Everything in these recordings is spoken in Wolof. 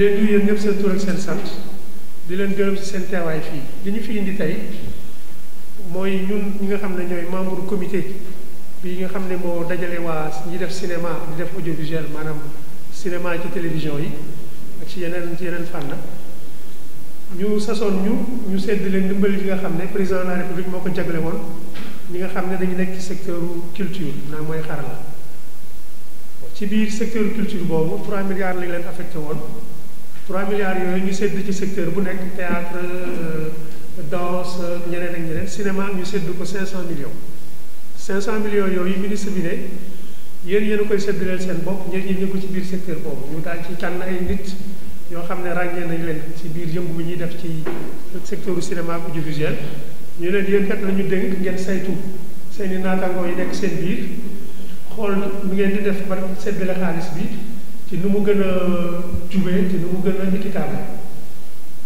di leen nuyu yéen ñëpp seen tur seen sant di leen gërëm ci seen teewaay fii li ñu fi indi tey mooy ñun ñi nga xam ne ñooy membre comité bi nga xam ne moo dajale waa ñi def cinéma di def audiovisuel maanaam cinéma ci télévision yi ak ci yeneen ci yeneen fànn ñu sasoon ñu ñu sedd leen dimbali bi nga xam ne président de la république moo ko jagle woon ñi nga xam ne dañu nekk ci secteur culture naa mooy xarala ci biir secteur culture boobu 3 milliards lañ leen affecté woon 3 milliards yooyu ñu sédd ci secteur bu nekk théâtre euh, danse ñeneen ak ñeneen cinéma ñu sedd ko 500 millions cent millions yooyu ministre bi ne yéen yéen koy séddaleel seen bopp ñenn ñi ñu ko ci biir secteur boobu ñu daal ci tànn ay nit yoo xam ne ràññee nañ leen ci biir yëngu bu ñuy def ci secteur cinéma ak audiovisuel ñu leen yéen kat la ñu dénk ngeen saytu seen i naataangoo yi nekk seen biir xool nu ngeen di def ba séddale xaalis bi. ci nu mu gën a jubee ci nu mu gën a équitable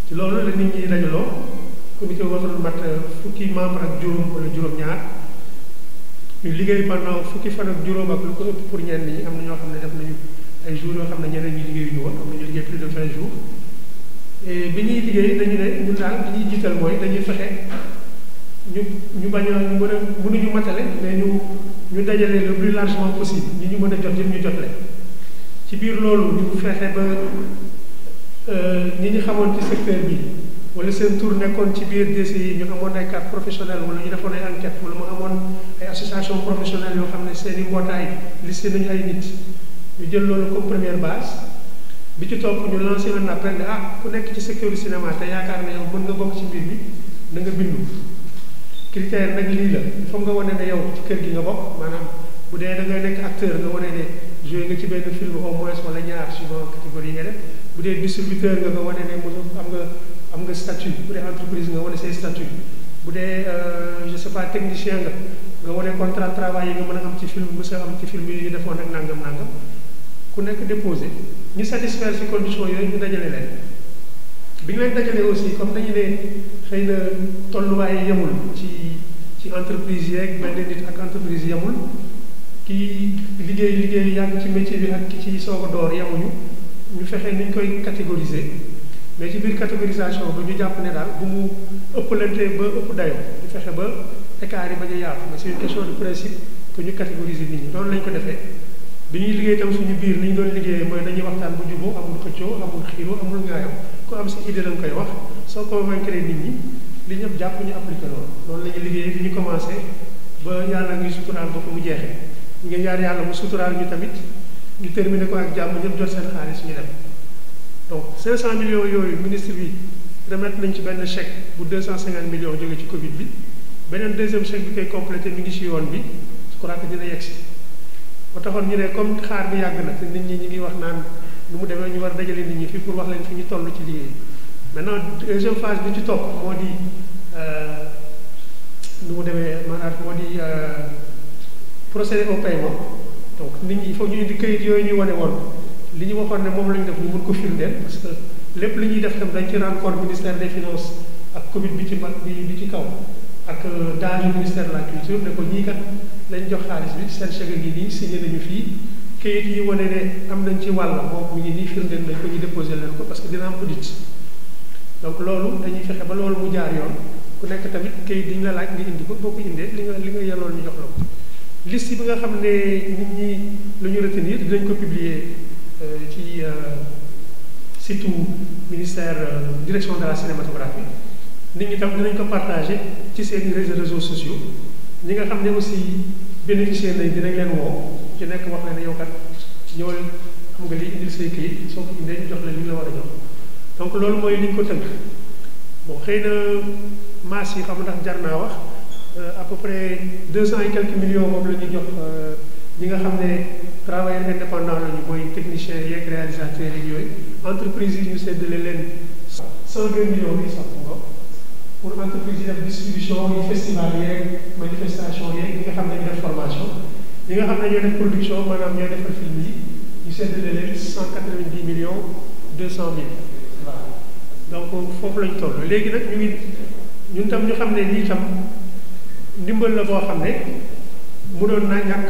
ci loolu la nit ñi dajaloo comité waroon mat euh, fukki membre ak juróom wala juróom-ñaar ñu liggéey pendant fukki fan ak juróom ak lu ko pour ñenn ñi am na ñoo xam ne def nañu ay jours yoo xam ne ñeneen ñi liggéeyuñu woon am na ñu liggéey plus de vingt jours bi ñuy liggéey dañu ne ñun daal li ñuy jiital mooy dañuy fexe ñu ñu bañ a mën a mënuñu matale mais ñu ñu dajale le plus largement possible ñi ñu mën a jot yëpp ñu jot leen ci biir loolu ñu fexe ba euh, ñi ñu xamoon ci secteur bi wala seen tour nekkoon ci biir DCI ñu amoon ay cadre professionnel wala ñu defoon ay enquête wala mu amoon ay association professionnelle yoo xam ne seen i mbootaay listé nañu ay nit ñu jël loolu comme première base bi ci topp ñu lancé un appel ne ah ku nekk ci secteur du cinéma te yaakaar ne yow mën nga bokk ci mbir bi na bindu critère nag lii la foog nga wane ne yow ci kër gi nga bokk bu dee da ngay nekk acteur nga wane ne joué nga ci benn film au moins wala ñaar suivant catégorie nga def bu dee distributeur nga nga wane ne mu am nga am nga statut bu dee entreprise nga wane say statut bu dee euh, je sais pas technicien nga nga wane contrat travail yi nga mën a am ci film mu sa am ci film yi defoon ak nangam nangam ku nekk déposé ñu satisfaire si condition yooyu ñu dajale leen bi ñu leen dajalee aussi comme dañu ne xëy na tolluwaay yemul ci ci entreprise yeeg benn nit ak entreprise yemul kii liggéey liggéey yàgg ci métier bi ak ki ci soog a door yemuñu ñu fexe ni ñu koy catégoriser mais ci biir catégorisation bi ñu jàpp ne daal bu mu ëpp ëppalante ba ëpp dayoo ñu fexe ba écart ba bañ a yaatu mais c'est une question lañ ko defee bi ñuy liggéey tam suñu biir li ñu doon liggéeyee mooy dañuy waxtaan bu juboo amul xëccoo amul xiiroo amul ngaayam ku am si idée lañ koy wax soo convaincre nit ñi li ñëpp jàpp ñu appliqué loolu loolu la ñuy liggéeyee bi ñu commencé ba yàlla ngi suturaal ba mu jeexee nga ñaan yàlla mu suturaal ñu tamit ñu terminer ko ak jàmm ñëpp jot seen xaalis ñu dem donc 500 millions yooyu ministre bi remettre nañ ci benn chèque bu 250 millions jóge ci Covid bi beneen deuxième chèque bi koy complété mi ngi ci yoon bi je crois que dina yegg si ba taxoon ñu ne comme xaar bi yàgg na te nit ñi ñu ngi wax naan nu mu demee ñu war dajalee nit ñi fii pour wax leen fi ñu tollu ci liggéey maintenant deuxième phase bi ci topp moo di euh, procéder au paiement donc nit ñi il ñu indi këyit yooyu ñuy wone woon li ñu waxoon ne moom la ñu def ñu mun ko firndeel parce que lépp li ñuy def tam dañ ci rendre compte ministère des finances ak commune bi ci mag bi bi ci kaw ak euh, daal ministère la culture ne ko ñii kat lañ jox xaalis bi seen chèque gi nii signé nañu fii këyit yi wone ne am nañ ci wàll boobu ñu nii firndeel nañ ko ñu déposé leen ko parce que dina am audit donc loolu dañuy fexe ba loolu mu jaar yoon ku nekk tamit këyit diñ la laaj indi ko boo indee li nga ñu jox la yi bi nga xam ne nit ñi la ñu retenir dinañ ko publier euh, ci euh, site ministère euh, direction de la cinématographie nit ñi tam dinañ ko partager ci seen réseaux réseaux sociaux ñi nga xam ne aussi bénéficiaire nañ dinañ leen woow ci nekk wax leen ne yow kat ñëwal xam nga li indil say kayit soo ko indee ñu jox la ñu la war a jox donc loolu mooy li ñu ko tënk bon xëy na maas yi xam ndax jar naa wax. Euh, à peu près deux cent et quelques millions moom la ñu jox euh, ñi nga xam ne travailleurs indépendants la ñu mooy techniciens yeeg réalisateurs yeeg yooyu entreprises yi ñu séddale leen cent deux millions yi sax nga pour entreprise yi def distribution yi festival yeeg manifestation yeeg ñi nga xam ne ñu def formation ñi nga xam ne ñoo def production maanaam ñoo defal film yi ñu séddale leen cent quatre-vingt-dix millions deux cent mille waaw donc foofu lañ toll léegi nag ñu ngi ñun tam ñu xam ne lii tam ndimbal na boo xam ne mu doon naa ñàkk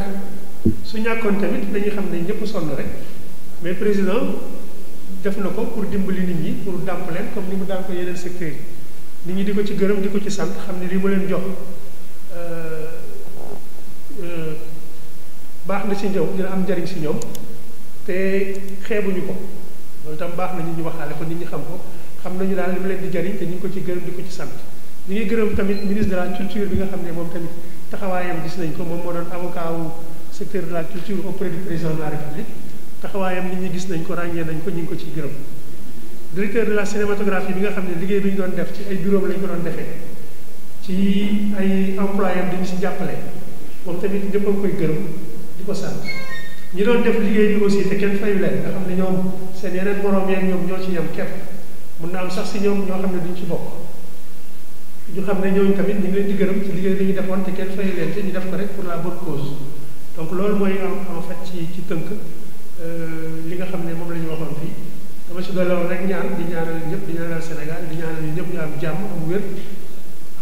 su ñàkkoon tamit dañuy xam ne ñëpp sonn rek mais président def na ko pour dimbali nit ñi pour dàmp leen comme ni mu daan ko yeneen secteur yi nit di ko ci gërëm di ko ci sant xam ne lii ma leen jox euh, euh, baax na si ñoom dina am njariñ si ñoom te xeebuñu ko loolu tam baax na ñu ñi waxaale ko nit ñi xam ko xam nañu daal li mu leen di jariñ te ñu ko ci gërëm di ko ci sant ñu ngi gërëm tamit ministre de la culture bi nga xam ne moom tamit taxawaayam gis nañ ko moom moo doon avocat wu secteur de la culture auprès du président de la république taxawaayam nit ñi gis nañ ko ràññee nañ ko ñu ngi ko ciy gërëm directeur de la cinématographie bi nga xam ne liggéey bi ñu doon def ci ay bureau lañ ko doon defee ci ay employé am dañu si jàppale moom tamit ñëpp a koy gërëm di ko sant ñi doon def liggéey bi aussi te kenn fayu leen nga xam ne ñoom seen ñoo ci yem képp mun na sax si ñoom ñoo xam ne duñ ci bokk ñu xam ne ñëw tamit ñu ngi leen di gërëm ci liggéey bi ñu defoon te kenn fay leen te ñu def ko rek pour la bonne cause donc loolu mooy am en fait ci ci tënk euh, li nga xam ne moom la ñu waxoon fii dama si doolewoon rek ñaan di ñaanal ñëpp di ñaanal Sénégal di ñaanal ñëpp ñu am jàmm am wér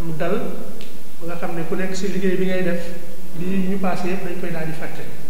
am dal ba nga xam ne ku nekk si liggéey bi ngay def li ñu passé yëpp dañ koy daal di fàtte.